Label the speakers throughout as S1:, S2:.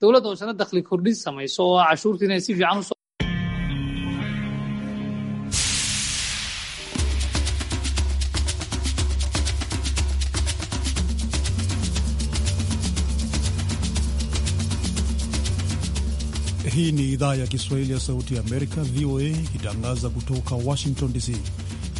S1: dowladda oo isna dakhli kordhin samayso oo cashuurta inay si fiican u
S2: Hii ni idhaa ya Kiswahili ya Sauti ya Amerika, VOA, ikitangaza kutoka Washington DC.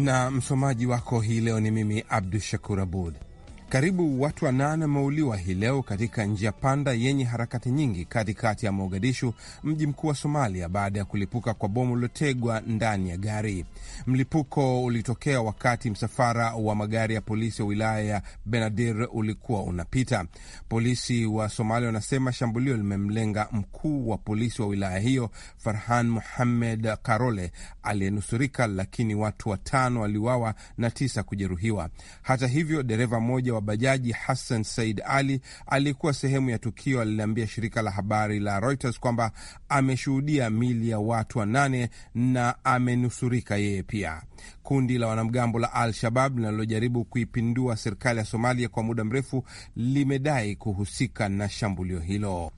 S3: na msomaji wako hii leo ni mimi Abdu Shakur Abud. Karibu watu wanane wameuliwa hii leo katika njia panda yenye harakati nyingi katikati ya Mogadishu, mji mkuu wa Somalia, baada ya kulipuka kwa bomu lilotegwa ndani ya gari. Mlipuko ulitokea wakati msafara wa magari ya polisi wa wilaya ya Benadir ulikuwa unapita. Polisi wa Somalia wanasema shambulio limemlenga mkuu wa polisi wa wilaya hiyo, Farhan Muhammed Karole, aliyenusurika, lakini watu watano waliuawa na tisa kujeruhiwa. Hata hivyo, dereva mmoja wa bajaji Hassan Said Ali alikuwa sehemu ya tukio. Aliliambia shirika la habari la Reuters kwamba ameshuhudia mili ya watu wanane na amenusurika yeye pia. Kundi la wanamgambo la Al Shabab linalojaribu kuipindua serikali ya Somalia kwa muda mrefu limedai kuhusika na shambulio hilo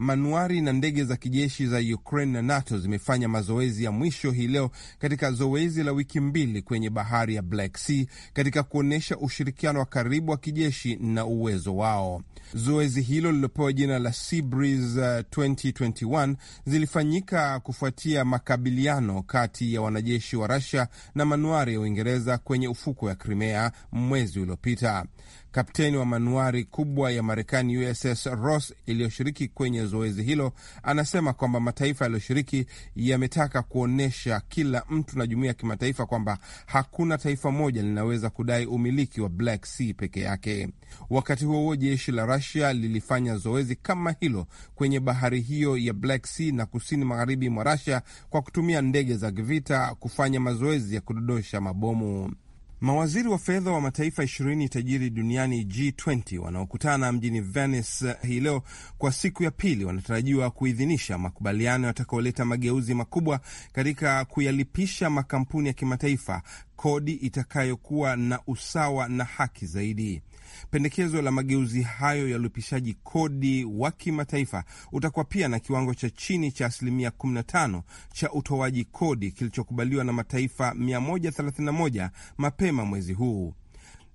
S3: manuari na ndege za kijeshi za Ukraine na NATO zimefanya mazoezi ya mwisho hii leo katika zoezi la wiki mbili kwenye bahari ya Black Sea katika kuonyesha ushirikiano wa karibu wa kijeshi na uwezo wao. Zoezi hilo lililopewa jina la Sea Breeze 2021 uh, zilifanyika kufuatia makabiliano kati ya wanajeshi wa Russia na manuari ya Uingereza kwenye ufukwo wa Crimea mwezi uliopita. Kapteni wa manuari kubwa ya Marekani USS Ross iliyoshiriki kwenye zoezi hilo anasema kwamba mataifa yaliyoshiriki yametaka kuonyesha kila mtu na jumuiya ya kimataifa kwamba hakuna taifa moja linaweza kudai umiliki wa Black Sea peke yake. Wakati huo huo, jeshi la Russia lilifanya zoezi kama hilo kwenye bahari hiyo ya Black Sea na kusini magharibi mwa Russia kwa kutumia ndege za kivita kufanya mazoezi ya kudodosha mabomu. Mawaziri wa fedha wa mataifa ishirini tajiri duniani G20 wanaokutana mjini Venice eh, hii leo kwa siku ya pili wanatarajiwa kuidhinisha makubaliano yatakaoleta mageuzi makubwa katika kuyalipisha makampuni ya kimataifa kodi itakayokuwa na usawa na haki zaidi. Pendekezo la mageuzi hayo ya ulipishaji kodi wa kimataifa utakuwa pia na kiwango cha chini cha asilimia 15 cha utoaji kodi kilichokubaliwa na mataifa 131 mapema mwezi huu.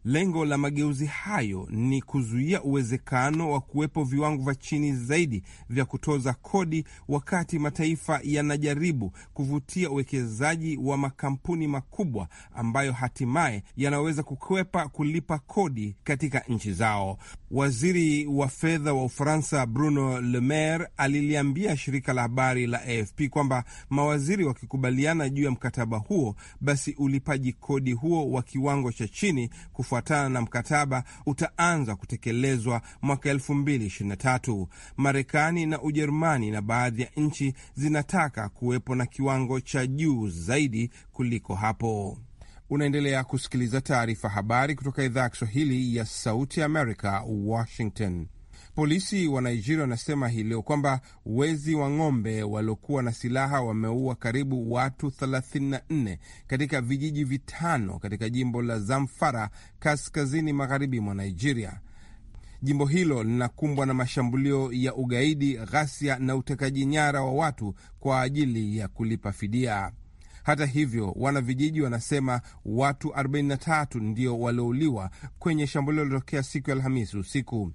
S3: Lengo la mageuzi hayo ni kuzuia uwezekano wa kuwepo viwango vya chini zaidi vya kutoza kodi wakati mataifa yanajaribu kuvutia uwekezaji wa makampuni makubwa ambayo hatimaye yanaweza kukwepa kulipa kodi katika nchi zao. Waziri wa fedha wa Ufaransa Bruno Le Maire aliliambia shirika la habari la AFP kwamba mawaziri wakikubaliana juu ya mkataba huo, basi ulipaji kodi huo wa kiwango cha chini kufu kufuatana na mkataba utaanza kutekelezwa mwaka 2023. Marekani na Ujerumani na baadhi ya nchi zinataka kuwepo na kiwango cha juu zaidi kuliko hapo. Unaendelea kusikiliza taarifa habari kutoka idhaa ya Kiswahili ya Sauti Amerika, Washington. Polisi wa Nigeria wanasema hii leo kwamba wezi wa ng'ombe waliokuwa na silaha wameua karibu watu 34 katika vijiji vitano katika jimbo la Zamfara, kaskazini magharibi mwa Nigeria. Jimbo hilo linakumbwa na mashambulio ya ugaidi, ghasia na utekaji nyara wa watu kwa ajili ya kulipa fidia. Hata hivyo, wanavijiji wanasema watu 43 ndio waliouliwa kwenye shambulio lilotokea siku ya Alhamisi usiku.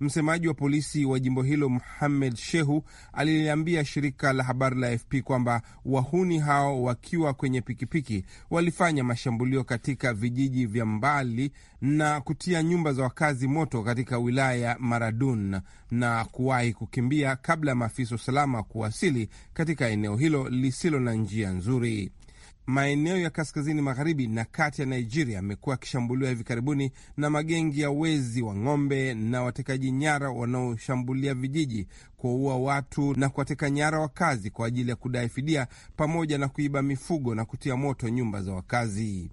S3: Msemaji wa polisi wa jimbo hilo Muhamed Shehu aliliambia shirika la habari la AFP kwamba wahuni hao wakiwa kwenye pikipiki walifanya mashambulio katika vijiji vya mbali na kutia nyumba za wakazi moto katika wilaya ya Maradun na kuwahi kukimbia kabla ya maafisa usalama kuwasili katika eneo hilo lisilo na njia nzuri maeneo ya kaskazini magharibi na kati ya Nigeria yamekuwa yakishambuliwa hivi karibuni na magengi ya wezi wa ng'ombe na watekaji nyara wanaoshambulia vijiji, kuwaua watu na kuwateka nyara wakazi kwa ajili ya kudai fidia, pamoja na kuiba mifugo na kutia moto nyumba za wakazi.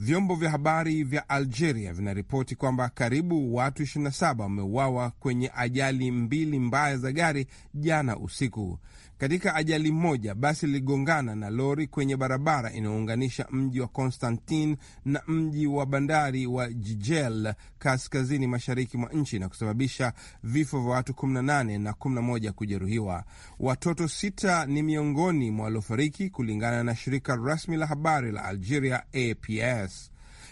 S3: Vyombo vya habari vya Algeria vinaripoti kwamba karibu watu 27 wameuawa kwenye ajali mbili mbaya za gari jana usiku. Katika ajali moja, basi liligongana na lori kwenye barabara inayounganisha mji wa Constantine na mji wa bandari wa Jijel kaskazini mashariki mwa nchi na kusababisha vifo vya watu 18 na 11 kujeruhiwa. Watoto sita ni miongoni mwa waliofariki kulingana na shirika rasmi la habari la Algeria APS.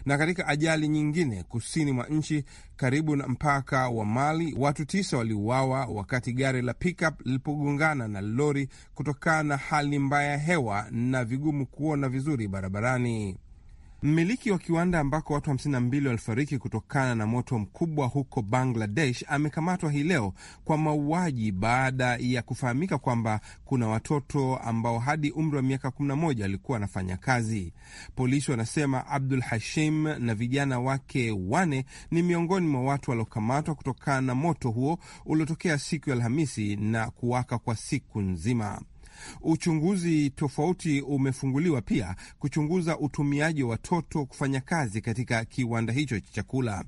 S3: Na katika ajali nyingine kusini mwa nchi karibu na mpaka wa Mali, watu tisa waliuawa wakati gari la pickup lilipogongana na lori kutokana na hali mbaya ya hewa na vigumu kuona vizuri barabarani. Mmiliki wa kiwanda ambako watu 52 walifariki kutokana na moto mkubwa huko Bangladesh amekamatwa hii leo kwa mauaji baada ya kufahamika kwamba kuna watoto ambao hadi umri wa miaka 11 walikuwa wanafanya kazi. Polisi wanasema Abdul Hashim na vijana wake wane ni miongoni mwa watu waliokamatwa kutokana na moto huo uliotokea siku ya Alhamisi na kuwaka kwa siku nzima. Uchunguzi tofauti umefunguliwa pia kuchunguza utumiaji wa watoto kufanya kazi katika kiwanda hicho cha chakula.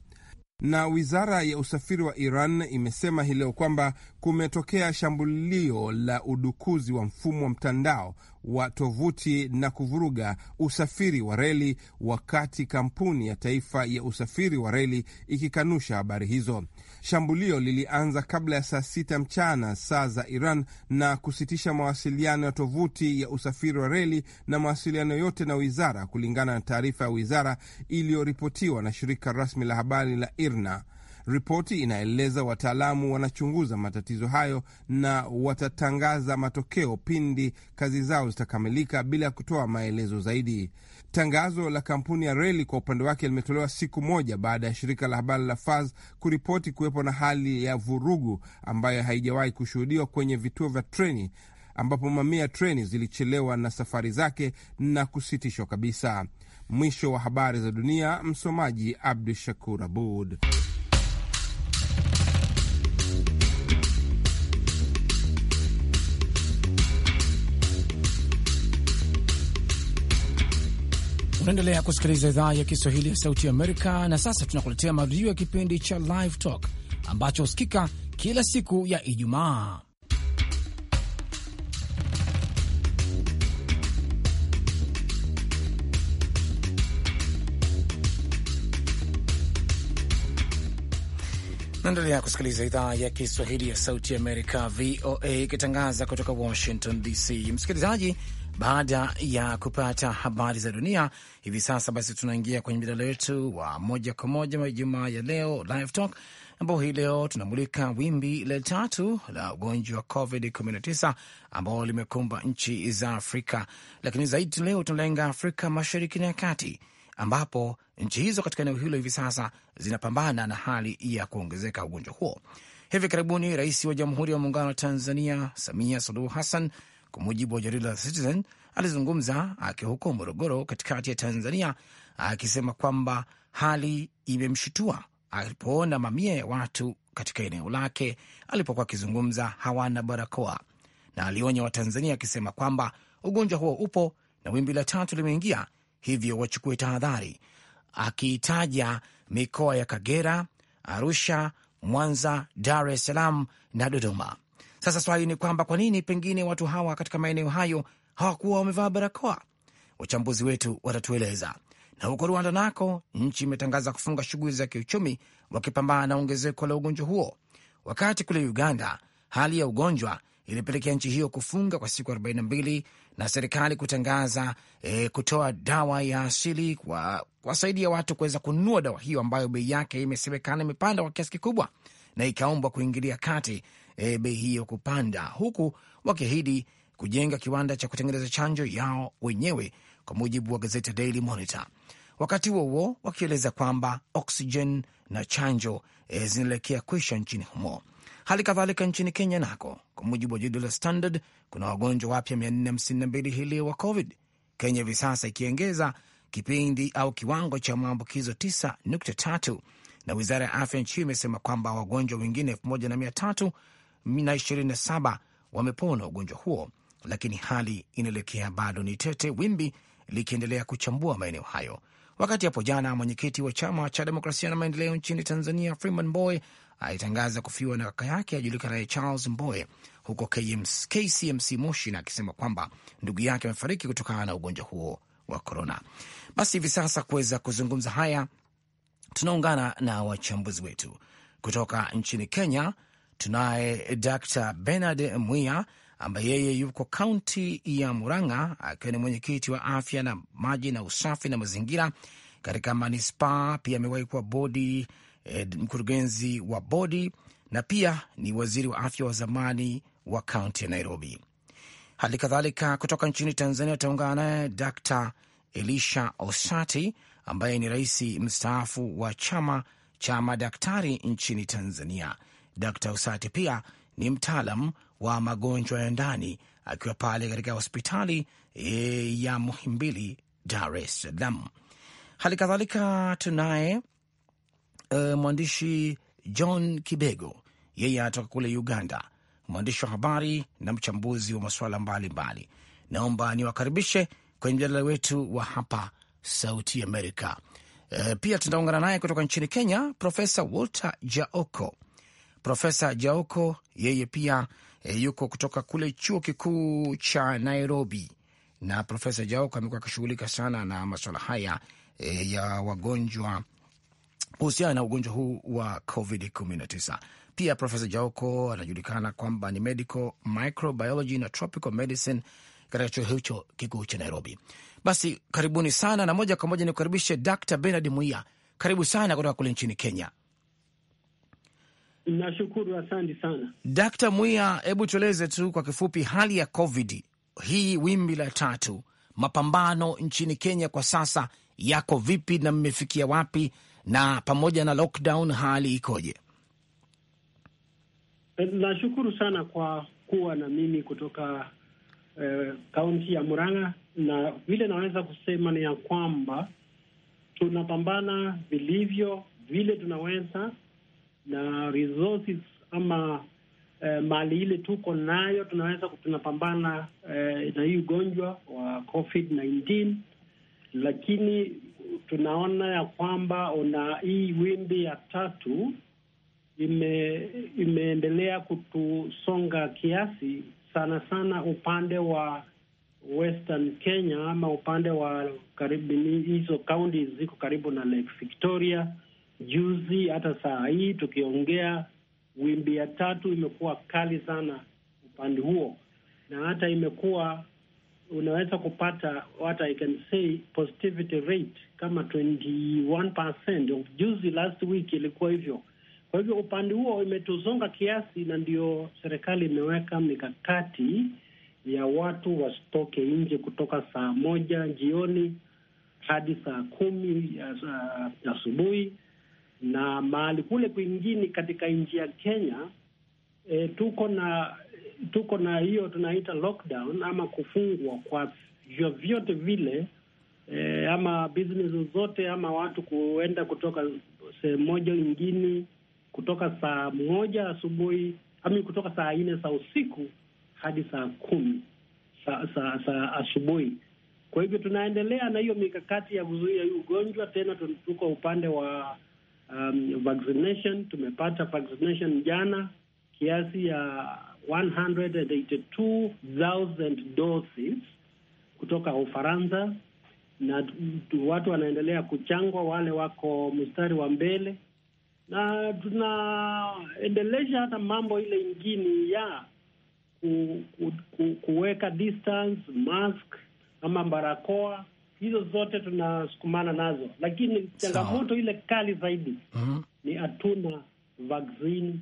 S3: Na wizara ya usafiri wa Iran imesema hii leo kwamba kumetokea shambulio la udukuzi wa mfumo wa mtandao wa tovuti na kuvuruga usafiri wa reli, wakati kampuni ya taifa ya usafiri wa reli ikikanusha habari hizo. Shambulio lilianza kabla ya saa sita mchana saa za Iran na kusitisha mawasiliano ya tovuti ya usafiri wa reli na mawasiliano yote na wizara, kulingana na taarifa ya wizara iliyoripotiwa na shirika rasmi la habari la IRNA. Ripoti inaeleza wataalamu wanachunguza matatizo hayo na watatangaza matokeo pindi kazi zao zitakamilika bila ya kutoa maelezo zaidi. Tangazo la kampuni ya reli kwa upande wake limetolewa siku moja baada ya shirika la habari la Fars kuripoti kuwepo na hali ya vurugu ambayo haijawahi kushuhudiwa kwenye vituo vya treni ambapo mamia ya treni zilichelewa na safari zake na kusitishwa kabisa. Mwisho wa habari za dunia. Msomaji Abdu Shakur Abud.
S4: Unaendelea kusikiliza idhaa ya Kiswahili ya Sauti ya Amerika, na sasa tunakuletea marudio ya kipindi cha Live Talk ambacho husikika kila siku ya Ijumaa. Naendelea kusikiliza idhaa ya Kiswahili ya Sauti ya Amerika, VOA, ikitangaza kutoka Washington DC. Msikilizaji baada ya kupata habari za dunia hivi sasa, basi tunaingia kwenye mjadala wetu wa moja kwa moja Jumaa ya leo Live Talk, ambao hii leo tunamulika wimbi la tatu la ugonjwa wa COVID-19 ambao limekumba nchi za Afrika, lakini zaidi leo tunalenga Afrika Mashariki na Kati, ambapo nchi hizo katika eneo hilo hivi sasa zinapambana na hali ya kuongezeka ugonjwa huo. Hivi karibuni Rais wa Jamhuri ya Muungano wa Tanzania Samia Suluhu Hassan kwa mujibu wa jarida la Citizen, alizungumza akiwa huko Morogoro, katikati ya Tanzania, akisema kwamba hali imemshutua alipoona mamia ya watu katika eneo lake alipokuwa akizungumza hawana barakoa, na alionya Watanzania akisema kwamba ugonjwa huo upo na wimbi la tatu limeingia, hivyo wachukue tahadhari, akiitaja mikoa ya Kagera, Arusha, Mwanza, Dar es Salaam na Dodoma. Sasa swali ni kwamba kwa nini pengine watu hawa katika maeneo hayo hawakuwa wamevaa barakoa? Wachambuzi wetu watatueleza. Na huko Rwanda nako nchi imetangaza kufunga shughuli za kiuchumi wakipambana na ongezeko la ugonjwa huo, wakati kule Uganda hali ya ugonjwa ilipelekea nchi hiyo kufunga kwa siku 42 na serikali kutangaza e, kutoa dawa ya asili kwa kuwasaidia watu kuweza kununua dawa hiyo ambayo bei yake imesemekana imepanda kwa kiasi kikubwa, na ikaombwa kuingilia kati e, bei hiyo kupanda, huku wakiahidi kujenga kiwanda cha kutengeneza chanjo yao wenyewe, kwa mujibu wa gazeti Daily Monitor. Wakati huo huo wakieleza kwamba oksijen na chanjo e, zinaelekea kwisha nchini humo. Hali kadhalika nchini Kenya nako, kwa mujibu wa jarida la Standard, kuna wagonjwa wapya 452 hili wa COVID. Kenya hivi sasa ikiongeza kipindi au kiwango cha maambukizo 9.3, na wizara ya afya nchi hiyo imesema kwamba wagonjwa wengine 1300 na 27 wamepona ugonjwa huo, lakini hali inaelekea bado ni tete, wimbi likiendelea kuchambua maeneo hayo. Wakati hapo jana, mwenyekiti wa chama cha demokrasia na maendeleo nchini Tanzania Freeman Mbowe alitangaza kufiwa na kaka yake ajulikanaye Charles Mbowe huko KCMC Moshi, na akisema kwamba ndugu yake amefariki kutokana na ugonjwa huo wa korona. Basi hivi sasa kuweza kuzungumza haya tunaungana na wachambuzi wetu kutoka nchini Kenya. Tunaye Dr Benard Mwia ambaye yeye yuko kaunti ya Murang'a akiwa ni mwenyekiti wa afya na maji na usafi na mazingira katika manispaa. Pia amewahi kuwa bodi eh, mkurugenzi wa bodi na pia ni waziri wa afya wa zamani wa kaunti ya Nairobi. Hali kadhalika kutoka nchini Tanzania utaungana naye Dr Elisha Osati ambaye ni rais mstaafu wa chama cha madaktari nchini Tanzania. Dr Usati pia ni mtaalam wa magonjwa ya ndani akiwa pale katika hospitali e, ya Muhimbili, Dar es Salaam. Hali kadhalika tunaye e, mwandishi John Kibego, yeye anatoka kule Uganda, mwandishi wa habari na mchambuzi wa masuala mbalimbali. Naomba niwakaribishe kwenye mjadala wetu wa hapa Sauti Amerika. E, pia tunaungana naye kutoka nchini Kenya, Profesa Walter Jaoko Profesa Jaoko yeye pia eh, yuko kutoka kule chuo kikuu cha Nairobi, na Profesa Jaoko amekuwa akishughulika sana na masuala haya e, ya wagonjwa kuhusiana na ugonjwa huu wa COVID 19. Pia Profesa Jaoko anajulikana kwamba ni medical microbiology na tropical medicine katika chuo hicho kikuu cha Nairobi. Basi karibuni sana, na moja kwa moja ni kukaribishe Dr Benard Muia, karibu sana kutoka kule nchini Kenya. Nashukuru, asante sana dakta Mwia. Hebu tueleze tu kwa kifupi hali ya COVID hii, wimbi la tatu, mapambano nchini Kenya kwa sasa yako vipi na mmefikia wapi, na pamoja na lockdown hali ikoje?
S1: Eh, nashukuru sana kwa kuwa na mimi kutoka eh, kaunti eh, ya Murang'a, na vile naweza kusema ni ya kwamba tunapambana vilivyo vile tunaweza na resources ama eh, mali ile tuko nayo tunaweza tunapambana eh, na hii ugonjwa wa COVID-19, lakini tunaona ya kwamba una hii wimbi ya tatu ime, imeendelea kutusonga kiasi sana sana upande wa Western Kenya ama upande wa karibu hizo kaunti ziko karibu na Lake Victoria Juzi hata saa hii tukiongea, wimbi ya tatu imekuwa kali sana upande huo, na hata imekuwa unaweza kupata what I can say positivity rate kama 21% of juzi, last week ilikuwa hivyo. Kwa hivyo upande huo imetuzonga kiasi, na ndio serikali imeweka mikakati ya watu wasitoke nje kutoka saa moja jioni hadi saa kumi asubuhi na mahali kule kwingine katika nchi ya Kenya e, tuko na tuko na hiyo tunaita lockdown ama kufungwa kwa vyovyote vile
S5: e, ama
S1: business zote ama watu kuenda kutoka sehemu moja nyingine kutoka saa moja asubuhi ama kutoka saa nne za usiku hadi saa kumi saa asubuhi. Kwa hivyo tunaendelea na hiyo mikakati ya kuzuia hii ugonjwa. Tena tuko upande wa um, vaccination. Tumepata vaccination jana kiasi ya 182,000 doses kutoka Ufaransa, na watu wanaendelea kuchangwa, wale wako mstari wa mbele, na tunaendelesha hata mambo ile ingini ya ku, ku, ku, kuweka distance mask ama barakoa hizo zote tunasukumana nazo, lakini changamoto ile kali zaidi mm -hmm. ni hatuna vaccine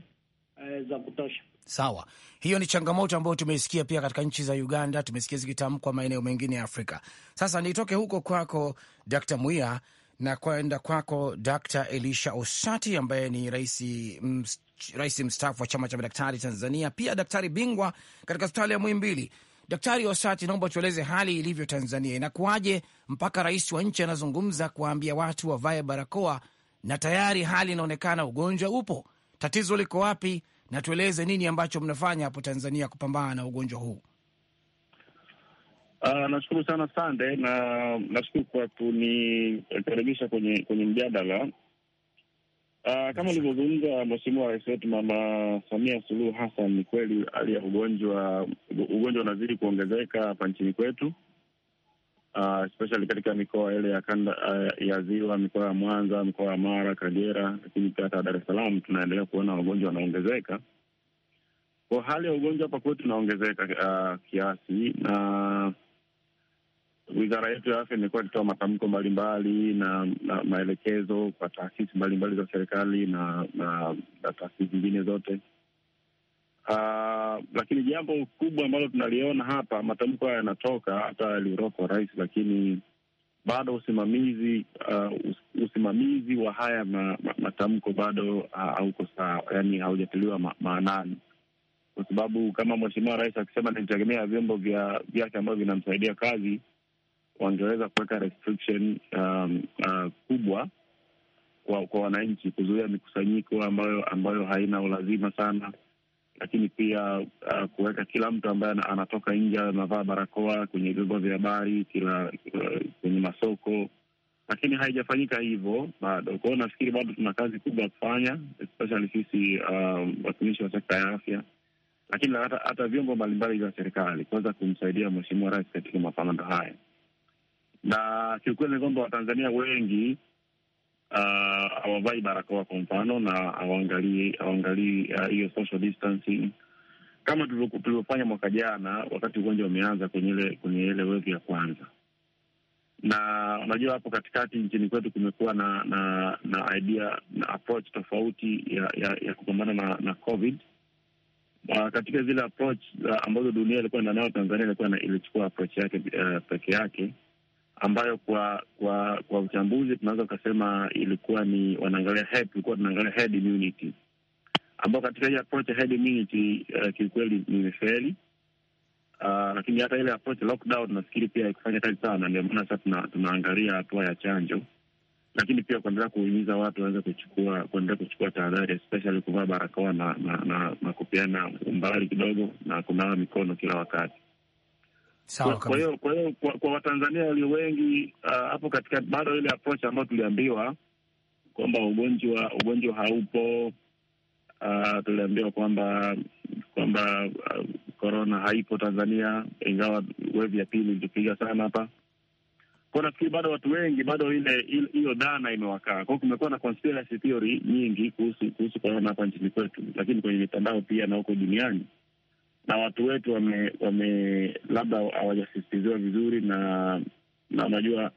S1: eh, za kutosha.
S4: Sawa, hiyo ni changamoto ambayo tumeisikia pia katika nchi za Uganda, tumesikia zikitamkwa maeneo mengine ya Afrika. Sasa nitoke huko kwako Dr. Muia na kwenda kwako Dr. Elisha Osati ambaye ni rais rais mstaafu wa chama cha madaktari Tanzania, pia daktari bingwa katika hospitali ya Muhimbili. Daktari osati naomba tueleze hali ilivyo Tanzania, inakuwaje mpaka rais wa nchi anazungumza kuwaambia watu wavae barakoa na tayari hali inaonekana ugonjwa upo? Tatizo liko wapi? Na tueleze nini ambacho mnafanya hapo Tanzania kupambana na ugonjwa huu.
S5: Uh, nashukuru sana Sande, na nashukuru kwa kunikaribisha kwenye kwenye mjadala Uh, kama ulivyozungumza Mheshimiwa Rais wetu Mama Samia Suluhu Hassan, ni kweli hali ya ugonjwa ugonjwa unazidi kuongezeka hapa nchini kwetu, uh, especially katika mikoa ile ya kanda uh, ya Ziwa, mikoa ya Mwanza, mikoa ya Mara, Kagera, lakini pia hata Dar es Salaam tunaendelea kuona wagonjwa wanaongezeka. Kwa hali ya ugonjwa hapa kwetu inaongezeka uh, kiasi na wizara yetu ya afya imekuwa ikitoa matamko mbalimbali na, na maelekezo kwa taasisi mbalimbali za serikali na, na, na taasisi zingine zote. Uh, lakini jambo kubwa ambalo tunaliona hapa, matamko haya yanatoka hata yaliyotoka rais, lakini bado usimamizi uh, usimamizi wa haya ma, ma, matamko bado uh, hauko sawa, yani haujatiliwa ma, maanani kwa sababu kama mheshimiwa rais akisema nitegemea vyombo vya vyake ambavyo vinamsaidia kazi wangeweza kuweka restriction um, uh, kubwa kwa kwa wananchi kuzuia mikusanyiko ambayo ambayo haina ulazima sana, lakini pia uh, kuweka kila mtu ambaye anatoka nje anavaa barakoa kwenye vyombo vya habari, kila uh, kwenye masoko, lakini haijafanyika hivyo bado. Kwa hiyo nafikiri bado tuna kazi kubwa ya kufanya, especially sisi um, watumishi wa sekta ya afya, lakini hata, hata vyombo mbalimbali vya serikali kuweza kumsaidia mheshimiwa rais katika mapambano haya na kiukweli ni kwamba Watanzania wengi ah, hawavai uh, barakoa kwa mfano, na hawaangalii hawaangalii ah, hiyo uh, social distancing kama tulivyofanya mwaka jana wakati ugonjwa umeanza kwenye ile kwenye ile wevu ya kwanza. Na unajua hapo katikati nchini kwetu kumekuwa na na na idea na approach tofauti ya ya, ya kupambana na na covid uh, katika zile approach uh, ambazo dunia ilikuwa nayo, Tanzania ilikuwa ilichukua approach yake uh, peke yake ambayo kwa kwa kwa uchambuzi tunaweza ukasema ilikuwa ni wanaangalia head, tulikuwa tunaangalia immunity, ambao katika hii approach herd immunity uh, kiukweli nimefeli. Uh, ah, lakini hata ile approach lockdown nafikiri pia ikufanya kazi sana, ndio maana sasa tuna, tunaangalia hatua ya chanjo, lakini pia kuendelea kuhimiza watu waweze kuchukua kuendelea kuchukua tahadhari, especially kuvaa barakoa na na, na, na kupeana umbali kidogo na kunawa mikono kila wakati kwa hiyo kwa kwa, kwa Watanzania walio wengi uh, hapo uh, katika bado ile approach ambayo tuliambiwa kwamba ugonjwa ugonjwa haupo. Uh, tuliambiwa kwamba kwamba korona uh, haipo Tanzania, ingawa wevi ya pili ilitupiga sana hapa kwa nafikiri bado watu wengi bado ile hiyo dhana imewakaa kwao. Kumekuwa na conspiracy theory nyingi kuhusu kuhusu korona hapa nchini kwetu, lakini kwenye mitandao pia na huko duniani na watu wetu wame, wame labda hawajasisitiziwa vizuri, na na unajua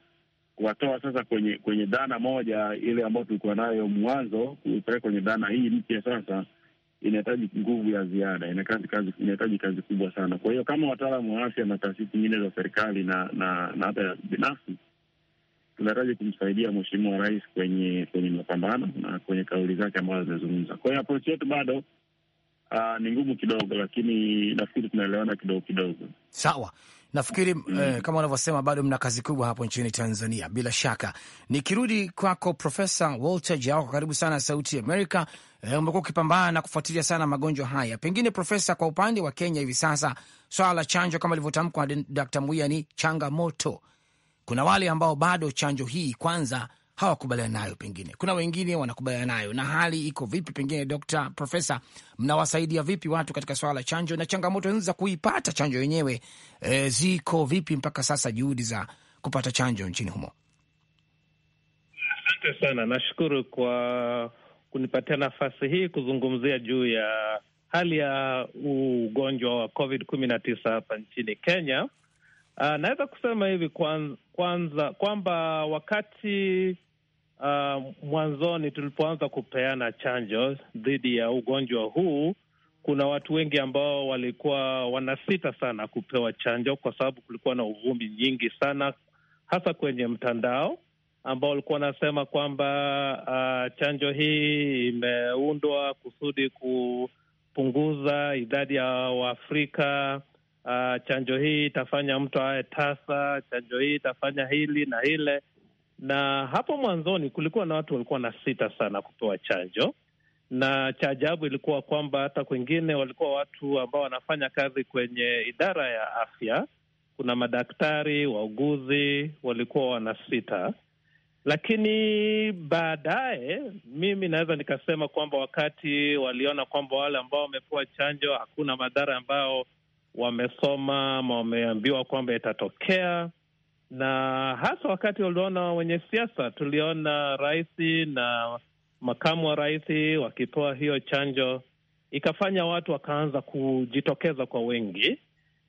S5: kuwatoa sasa kwenye kwenye dhana moja ile ambayo tulikuwa nayo mwanzo, kupeleka kwenye dhana hii mpya sasa inahitaji nguvu ya ziada, inahitaji kazi kubwa sana. Kwa hiyo kama wataalamu wa afya na taasisi nyingine za serikali na na na hata binafsi, tunahitaji kumsaidia Mheshimiwa Rais kwenye kwenye mapambano na kwenye kauli zake ambazo zimezungumza. Kwa hiyo approach yetu bado uh, ni ngumu kidogo, lakini nafikiri tunaelewana kidogo kidogo. Sawa,
S4: nafikiri mm. Eh, kama unavyosema bado mna kazi kubwa hapo nchini Tanzania bila shaka. Nikirudi kwako Profesa Walter Jao, karibu sana Sauti Amerika. Eh, umekuwa ukipambana na kufuatilia sana magonjwa haya. Pengine Profesa, kwa upande wa Kenya hivi sasa swala la chanjo kama ilivyotamkwa na Dkt. ni changamoto. Kuna wale ambao bado chanjo hii kwanza hawakubaliana nayo, pengine kuna wengine wanakubaliana nayo. Na hali iko vipi? Pengine Dr. Profesa, mnawasaidia vipi watu katika swala la chanjo na changamoto za kuipata chanjo yenyewe? E, ziko vipi mpaka sasa juhudi za kupata chanjo nchini humo?
S1: Asante
S6: sana, nashukuru kwa kunipatia nafasi hii kuzungumzia juu ya hali ya ugonjwa wa COVID kumi na tisa hapa nchini Kenya. Uh, naweza kusema hivi kwanza, kwanza kwamba wakati uh, mwanzoni tulipoanza kupeana chanjo dhidi ya ugonjwa huu, kuna watu wengi ambao walikuwa wanasita sana kupewa chanjo kwa sababu kulikuwa na uvumi nyingi sana, hasa kwenye mtandao ambao walikuwa wanasema kwamba uh, chanjo hii imeundwa kusudi kupunguza idadi ya Waafrika. Uh, chanjo hii itafanya mtu awe tasa, chanjo hii itafanya hili na hile na hapo mwanzoni kulikuwa na watu walikuwa na sita sana kupewa chanjo, na cha ajabu ilikuwa kwamba hata kwengine walikuwa watu ambao wanafanya kazi kwenye idara ya afya, kuna madaktari, wauguzi walikuwa wana sita. Lakini baadaye mimi naweza nikasema kwamba wakati waliona kwamba wale ambao wamepewa chanjo hakuna madhara ambao wamesoma ama wameambiwa kwamba itatokea na hasa wakati uliona wenye siasa, tuliona rais na makamu wa rais wakipewa hiyo chanjo, ikafanya watu wakaanza kujitokeza kwa wengi,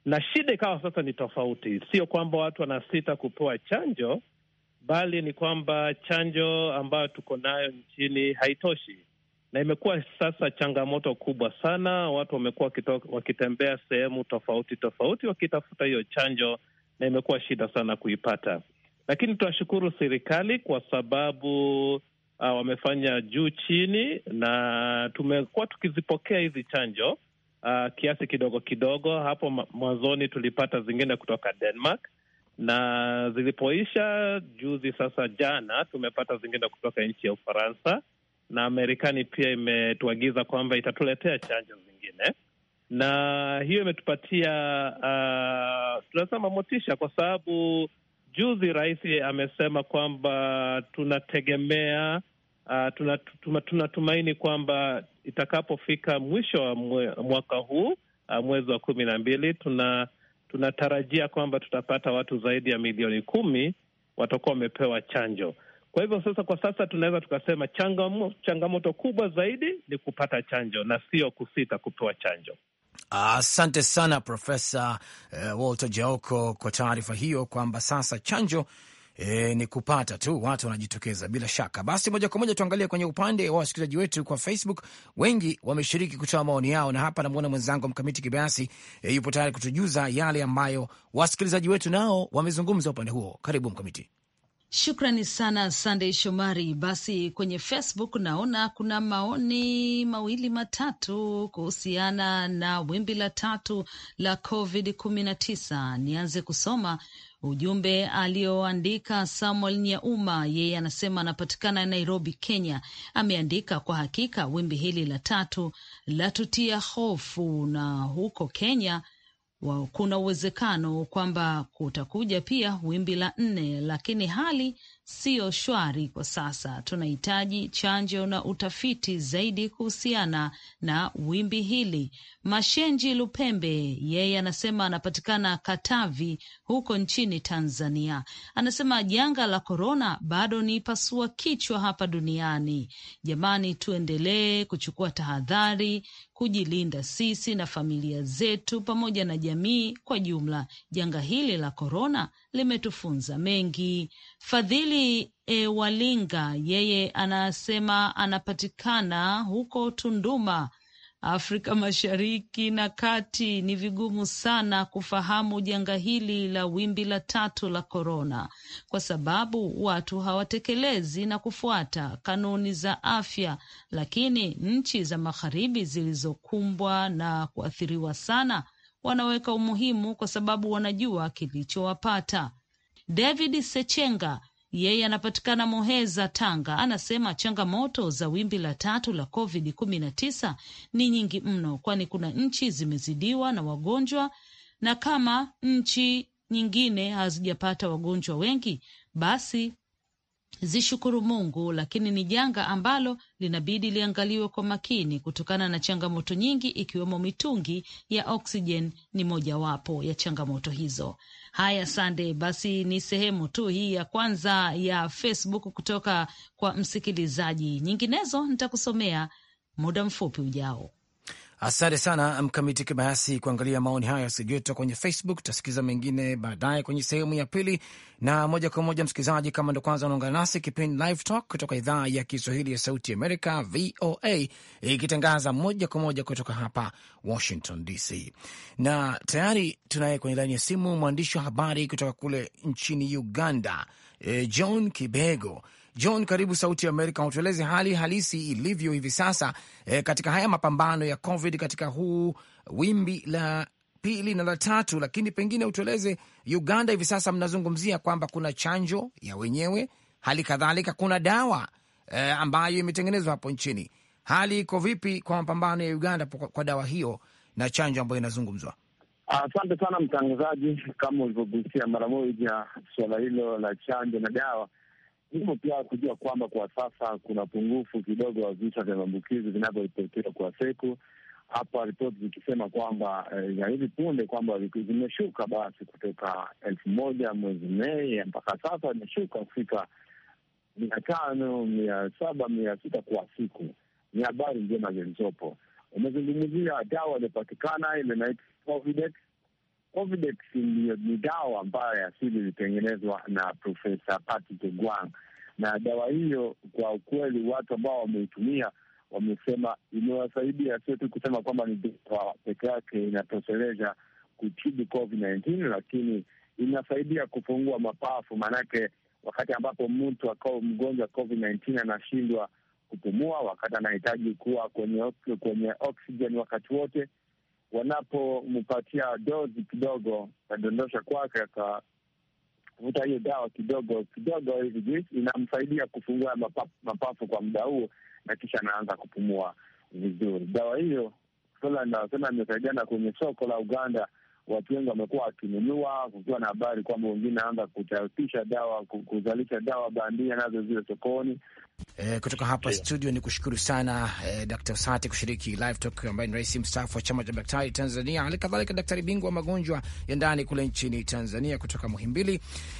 S6: na shida ikawa sasa ni tofauti. Sio kwamba watu wanasita kupewa chanjo, bali ni kwamba chanjo ambayo tuko nayo nchini haitoshi, na imekuwa sasa changamoto kubwa sana. Watu wamekuwa wakitembea sehemu tofauti tofauti wakitafuta hiyo chanjo na imekuwa shida sana kuipata, lakini tunashukuru serikali kwa sababu uh, wamefanya juu chini, na tumekuwa tukizipokea hizi chanjo uh, kiasi kidogo kidogo. Hapo mwanzoni tulipata zingine kutoka Denmark na zilipoisha juzi, sasa jana tumepata zingine kutoka nchi ya Ufaransa na Marekani pia imetuagiza kwamba itatuletea chanjo zingine na hiyo imetupatia uh, tunasema motisha, kwa sababu juzi rais amesema kwamba tunategemea uh, tunatumaini tuna, kwamba itakapofika mwisho wa mwe, mwaka huu uh, mwezi wa kumi na mbili tuna tunatarajia kwamba tutapata watu zaidi ya milioni kumi watakuwa wamepewa chanjo. Kwa hivyo sasa, kwa sasa tunaweza tukasema changamoto kubwa zaidi ni kupata chanjo na sio kusita kupewa chanjo.
S4: Asante sana Profesa uh, Walter Jaoko kwa taarifa hiyo kwamba sasa chanjo E, ni kupata tu watu wanajitokeza bila shaka. Basi moja kwa moja tuangalie kwenye upande wa wasikilizaji wetu kwa Facebook. Wengi wameshiriki kutoa maoni yao, na hapa namwona mwenzangu Mkamiti Kibayasi e, yupo tayari kutujuza yale ambayo wasikilizaji wetu nao wamezungumza upande huo. Karibu Mkamiti.
S7: Shukrani sana Sandey Shomari. Basi kwenye Facebook naona kuna maoni mawili matatu kuhusiana na wimbi la tatu la Covid 19. Nianze kusoma ujumbe aliyoandika Samuel Nyauma, yeye anasema anapatikana Nairobi, Kenya. Ameandika, kwa hakika wimbi hili la tatu latutia hofu, na huko Kenya wa, kuna uwezekano kwamba kutakuja pia wimbi la nne, lakini hali siyo shwari kwa sasa. Tunahitaji chanjo na utafiti zaidi kuhusiana na wimbi hili. Mashenji Lupembe yeye anasema, anapatikana Katavi huko nchini Tanzania, anasema janga la korona bado ni pasua kichwa hapa duniani. Jamani, tuendelee kuchukua tahadhari, kujilinda sisi na familia zetu pamoja na jamii kwa jumla. Janga hili la korona limetufunza mengi. Fadhili e, walinga yeye anasema anapatikana huko Tunduma Afrika Mashariki na Kati ni vigumu sana kufahamu janga hili la wimbi la tatu la korona, kwa sababu watu hawatekelezi na kufuata kanuni za afya, lakini nchi za magharibi zilizokumbwa na kuathiriwa sana wanaweka umuhimu, kwa sababu wanajua kilichowapata. David Sechenga yeye anapatikana moheza Tanga, anasema changamoto za wimbi la tatu la Covid 19 ni nyingi mno, kwani kuna nchi zimezidiwa na wagonjwa, na kama nchi nyingine hazijapata wagonjwa wengi, basi zishukuru Mungu, lakini ni janga ambalo linabidi liangaliwe kwa makini kutokana na changamoto nyingi, ikiwemo mitungi ya oksijeni ni mojawapo ya changamoto hizo. Haya, Sande, basi ni sehemu tu hii ya kwanza ya Facebook kutoka kwa msikilizaji, nyinginezo nitakusomea muda mfupi ujao.
S4: Asante sana Mkamiti Kibayasi kuangalia maoni hayo yasiyotoka kwenye Facebook. Tutasikiza mengine baadaye kwenye sehemu ya pili, na moja kwa moja msikilizaji, kama ndo kwanza unaungana nasi, kipindi Live Talk kutoka idhaa ya Kiswahili ya Sauti Amerika, VOA, ikitangaza moja kwa moja kutoka hapa Washington DC, na tayari tunaye kwenye laini ya simu mwandishi wa habari kutoka kule nchini Uganda, eh, John Kibego. John, karibu Sauti ya Amerika, utueleze hali halisi ilivyo hivi sasa e, katika haya mapambano ya COVID katika huu wimbi la pili na la tatu, lakini pengine utueleze Uganda hivi sasa mnazungumzia kwamba kuna chanjo ya wenyewe, hali kadhalika kuna dawa e, ambayo imetengenezwa hapo nchini. Hali iko vipi kwa mapambano ya Uganda kwa, kwa dawa hiyo na chanjo ambayo inazungumzwa?
S8: Asante sana mtangazaji, kama ulivyogusia mara moja suala hilo la chanjo na dawa Hivyo pia kujua kwamba kwa sasa kuna pungufu kidogo wa visa vya maambukizi vinavyoripotiwa kwa siku hapa, ripoti zikisema kwamba za eh, hivi punde kwamba zimeshuka basi kutoka elfu moja mwezi Mei mpaka sasa imeshuka kufika mia tano mia saba mia sita kwa siku. Ni habari njema zilizopo. Umezungumzia dawa iliyopatikana ile inaitwa Covidex Covidex ndio ni dawa ambayo ya asili ilitengenezwa na Profesa Patrick Egwang, na dawa hiyo kwa ukweli watu ambao wameitumia wamesema imewasaidia, sio tu kusema kwamba ni dawa peke yake inatosheleza kutibu COVID-19, lakini inasaidia kufungua mapafu. Maanake wakati ambapo mtu akawa mgonjwa COVID-19 anashindwa kupumua, wakati anahitaji kuwa kwenye kwenye oksijeni wakati wote wanapompatia dozi kidogo kadondosha kwake akavuta hiyo dawa kidogo kidogo hivi, inamsaidia kufungua mapafu, mapafu kwa muda huo, na kisha anaanza kupumua vizuri. Dawa hiyo sana imesaidiana kwenye soko la Uganda, watu wengi wamekuwa wakinunua, kukiwa na habari kwamba wengine anaanza kuchapisha dawa, kuzalisha dawa bandia, nazo zile sokoni,
S4: E, kutoka hapa yeah, studio ni kushukuru sana e, Dr. Sate kushiriki live talk, ambaye ni rais mstaafu wa chama cha daktari Tanzania, hali kadhalika daktari bingwa wa magonjwa ya ndani kule nchini Tanzania kutoka Muhimbili,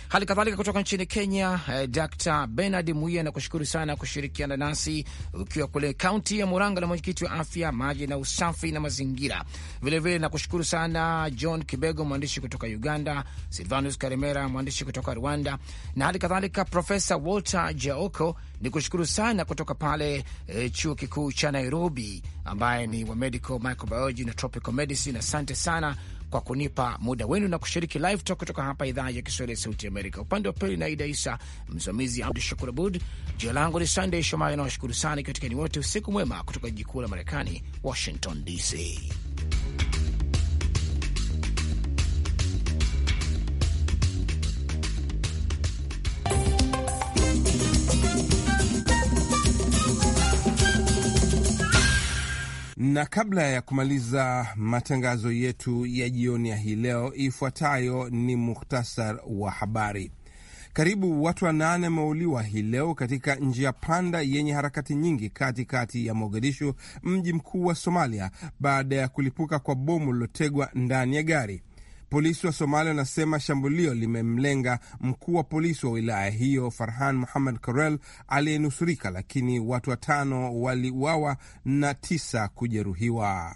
S4: hali kadhalika kutoka nchini Kenya e, Dr. Bernard Muya na kushukuru sana kushirikiana nasi ukiwa kule kaunti ya Muranga na mwenyekiti wa afya, maji na usafi na mazingira. Vilevile nakushukuru sana John Kibego, mwandishi kutoka Uganda, Silvanus Karemera, mwandishi kutoka Rwanda, na hali kadhalika Profesa Walter Jaoko ni kushukuru sana kutoka pale e, chuo kikuu cha Nairobi, ambaye ni wa medical microbiology na tropical medicine. Asante sana kwa kunipa muda wenu na kushiriki live talk kutoka hapa idhaa ya Kiswahili ya Sauti Amerika. Upande wa pili na Aida Isa, msimamizi Abdu Shakur Abud. Jina langu ni Sandey Shomari, nawashukuru sana ikiwatikani wote. Usiku mwema kutoka jiji kuu la Marekani, Washington DC.
S3: na kabla ya kumaliza matangazo yetu ya jioni ya hii leo, ifuatayo ni muhtasar wa habari. Karibu watu wanane wameuliwa hii leo katika njia panda yenye harakati nyingi katikati kati ya Mogadishu, mji mkuu wa Somalia, baada ya kulipuka kwa bomu lililotegwa ndani ya gari. Polisi wa Somalia wanasema shambulio limemlenga mkuu wa polisi wa wilaya hiyo Farhan muhamad Karel aliyenusurika, lakini watu watano waliuawa na tisa kujeruhiwa.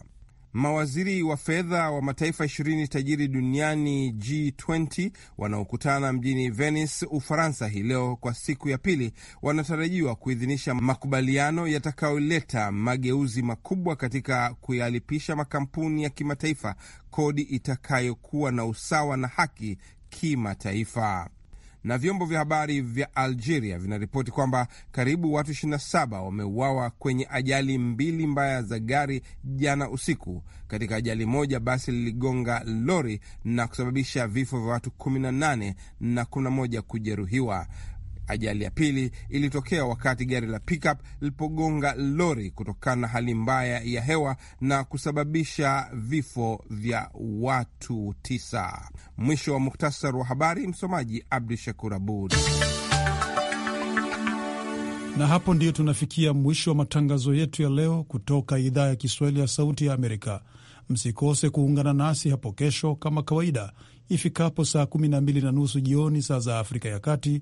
S3: Mawaziri wa fedha wa mataifa ishirini tajiri duniani G20 wanaokutana mjini Venice, Ufaransa hii leo kwa siku ya pili wanatarajiwa kuidhinisha makubaliano yatakayoleta mageuzi makubwa katika kuyalipisha makampuni ya kimataifa kodi itakayokuwa na usawa na haki kimataifa na vyombo vya habari vya Algeria vinaripoti kwamba karibu watu 27 wameuawa kwenye ajali mbili mbaya za gari jana usiku. Katika ajali moja, basi liligonga lori na kusababisha vifo vya watu 18 na 11 kujeruhiwa. Ajali ya pili ilitokea wakati gari la pickup lilipogonga lori kutokana na hali mbaya ya hewa na kusababisha vifo vya watu tisa. Mwisho wa muktasar wa habari, msomaji Abdu Shakur Abud. Na hapo
S2: ndiyo tunafikia mwisho wa matangazo yetu ya leo kutoka idhaa ya Kiswahili ya Sauti ya Amerika. Msikose kuungana nasi hapo kesho kama kawaida ifikapo saa 12 na nusu jioni saa za Afrika ya Kati